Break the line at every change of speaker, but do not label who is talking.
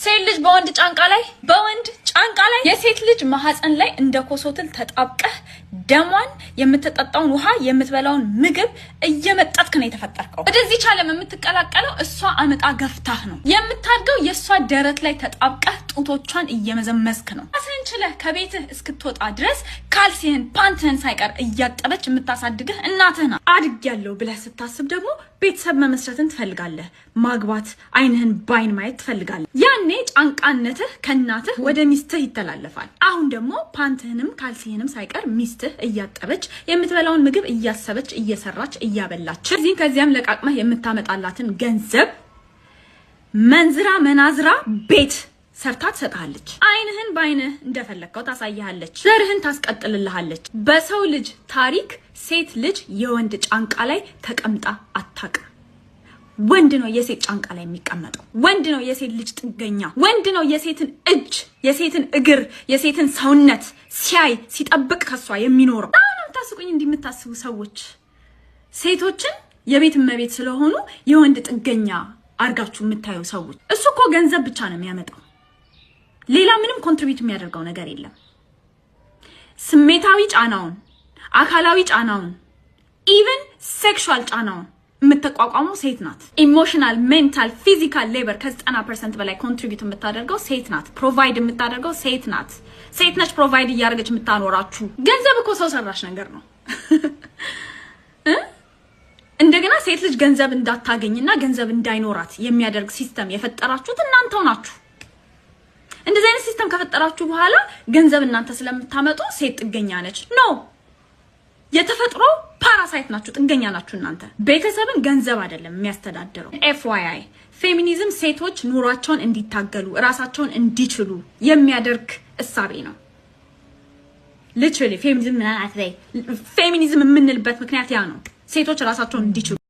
ሴት ልጅ በወንድ ጫንቃ ላይ በወንድ ጫንቃ ላይ የሴት ልጅ ማህፀን ላይ እንደ ኮሶትል ተጣብቀህ ደሟን የምትጠጣውን ውሃ የምትበላውን ምግብ እየመጠጥክ ነው የተፈጠርከው። ወደዚህ ዓለም የምትቀላቀለው እሷ አመጣ ገፍታህ ነው የምታድገው። የእሷ ደረት ላይ ተጣብቀህ ጡቶቿን እየመዘመዝክ ነው። ራስህን ችለህ ከቤትህ እስክትወጣ ድረስ ካልሲህን ፓንትህን ሳይቀር እያጠበች የምታሳድግህ እናትህ ናት። አድጌያለሁ ብለህ ስታስብ ደግሞ ቤተሰብ መመስረትን ትፈልጋለህ። ማግባት፣ አይንህን ባይን ማየት ትፈልጋለህ። ያን ያኔ ጫንቃነትህ ከእናትህ ወደ ሚስትህ ይተላለፋል። አሁን ደግሞ ፓንትህንም ካልሲህንም ሳይቀር ሚስትህ እያጠበች የምትበላውን ምግብ እያሰበች እየሰራች እያበላች እዚህም ከዚያም ለቃቅመህ የምታመጣላትን ገንዘብ መንዝራ መናዝራ ቤት ሰርታ ትሰጥሃለች። አይንህን በአይንህ እንደፈለግከው ታሳይሃለች። ዘርህን ታስቀጥልልሃለች። በሰው ልጅ ታሪክ ሴት ልጅ የወንድ ጫንቃ ላይ ተቀምጣ አታውቅም። ወንድ ነው የሴት ጫንቃ ላይ የሚቀመጠው። ወንድ ነው የሴት ልጅ ጥገኛ። ወንድ ነው የሴትን እጅ፣ የሴትን እግር፣ የሴትን ሰውነት ሲያይ ሲጠብቅ ከሷ የሚኖረው። አሁን የምታስቁኝ እንዲህ የምታስቡ ሰዎች ሴቶችን የቤት እመቤት ስለሆኑ የወንድ ጥገኛ አድርጋችሁ የምታዩ ሰዎች፣ እሱ እኮ ገንዘብ ብቻ ነው የሚያመጣው። ሌላ ምንም ኮንትሪቢዩት የሚያደርገው ነገር የለም። ስሜታዊ ጫናውን፣ አካላዊ ጫናውን፣ ኢቨን ሴክሹዋል ጫናውን የምትቋቋመው ሴት ናት። ኢሞሽናል፣ ሜንታል፣ ፊዚካል ሌበር ከዘጠና ፐርሰንት በላይ ኮንትሪቢዩት የምታደርገው ሴት ናት። ፕሮቫይድ የምታደርገው ሴት ናት። ሴት ነች ፕሮቫይድ እያደረገች የምታኖራችሁ። ገንዘብ እኮ ሰው ሰራሽ ነገር ነው። እንደገና ሴት ልጅ ገንዘብ እንዳታገኝና ገንዘብ እንዳይኖራት የሚያደርግ ሲስተም የፈጠራችሁት እናንተው ናችሁ። እንደዚህ አይነት ሲስተም ከፈጠራችሁ በኋላ ገንዘብ እናንተ ስለምታመጡ ሴት ጥገኛ ነች። ኖ የተፈጥሮ ፓራሳይት ናችሁ፣ ጥገኛ ናችሁ እናንተ። ቤተሰብን ገንዘብ አይደለም የሚያስተዳድረው። አይ ፌሚኒዝም ሴቶች ኑሯቸውን እንዲታገሉ እራሳቸውን እንዲችሉ የሚያደርግ እሳቤ ነው። ሊትራሊ ፌሚኒዝም ምናምን አትበይ። ፌሚኒዝም የምንልበት ምክንያት ያ ነው፣ ሴቶች እራሳቸውን እንዲችሉ